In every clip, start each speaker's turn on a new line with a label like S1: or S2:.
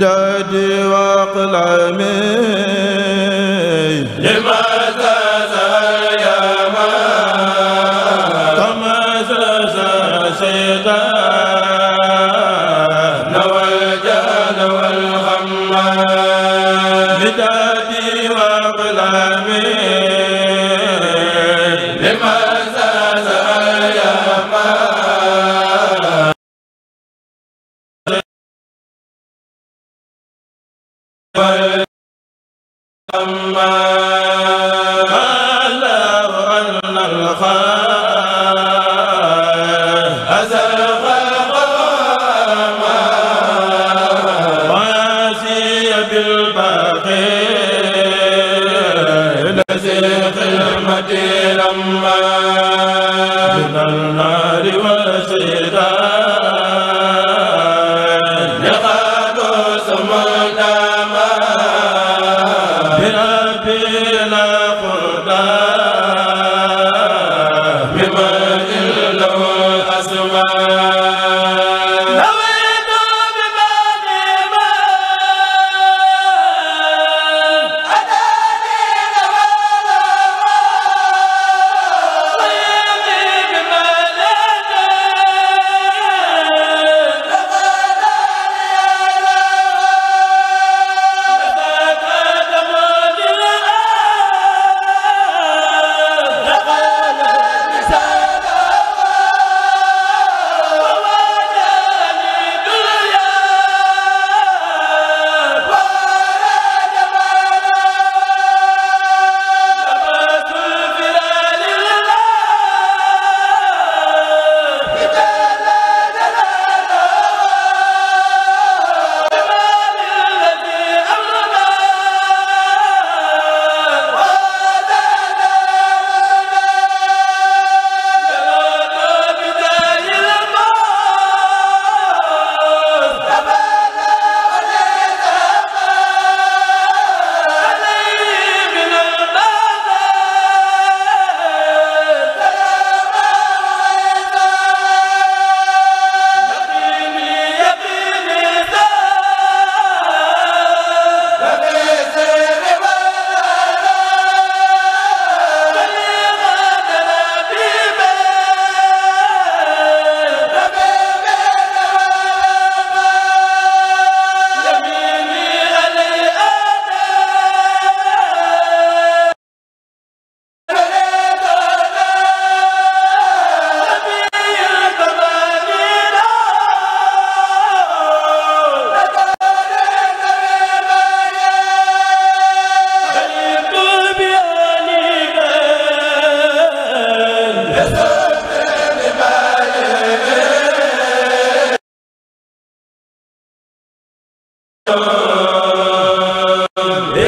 S1: جادي وقلمي
S2: Amma
S1: qurba
S2: Amen.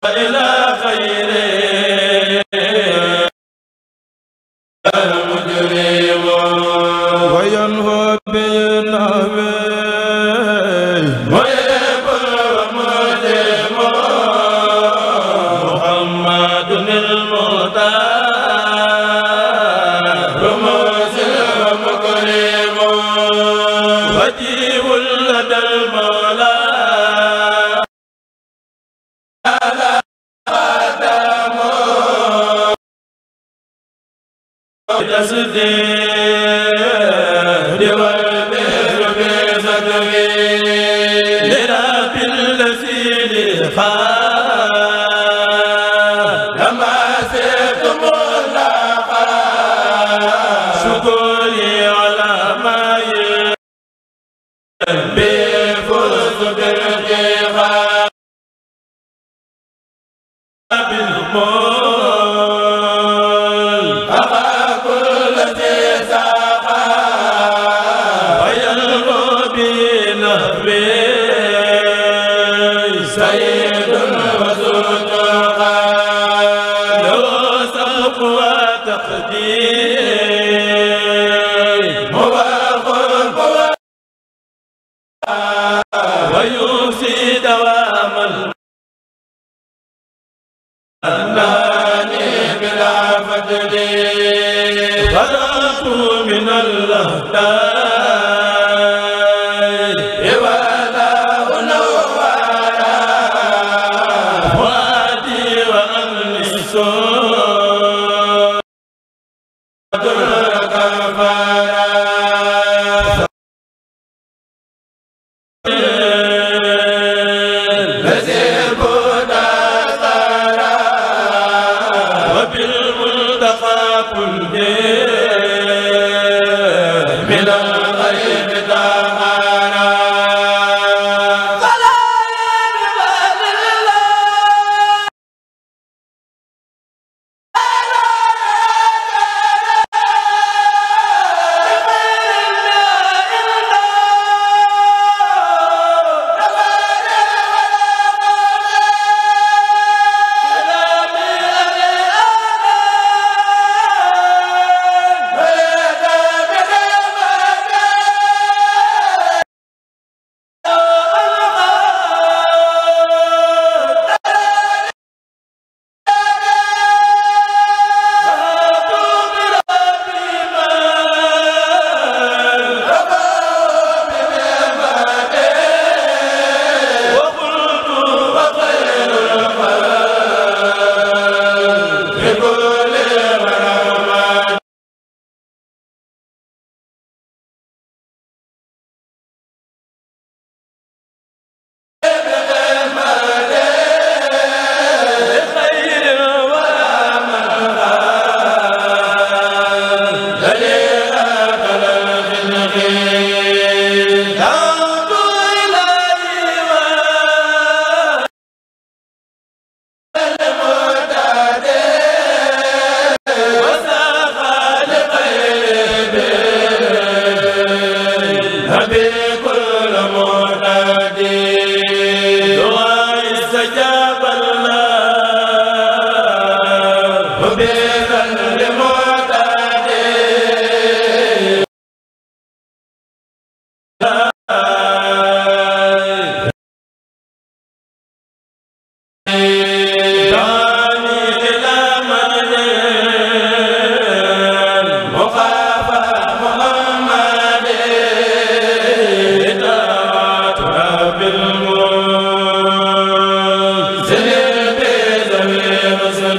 S2: la
S1: yasde بدأت من اللهتان la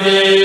S2: Amen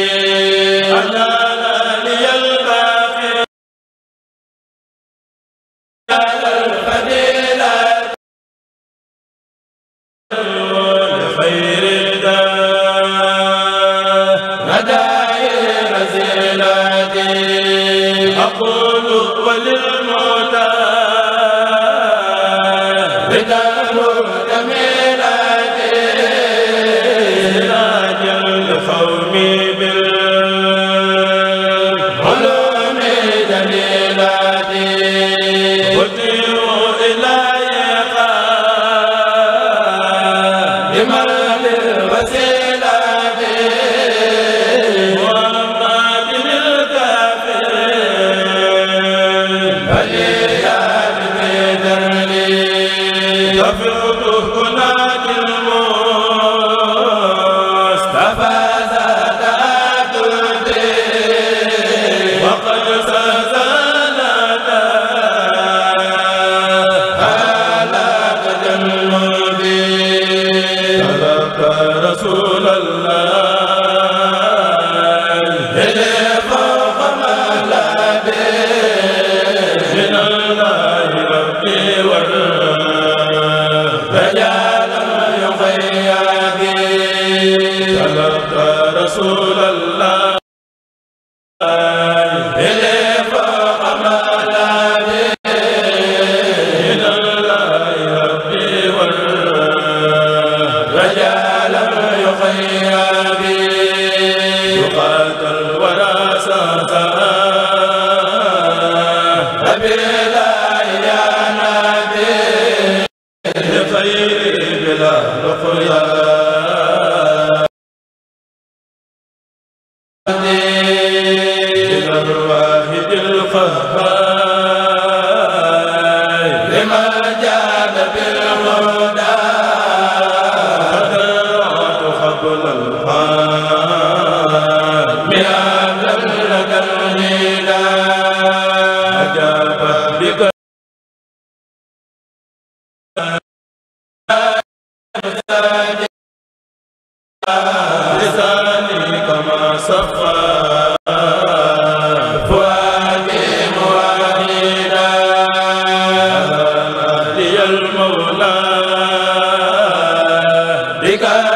S2: rabbika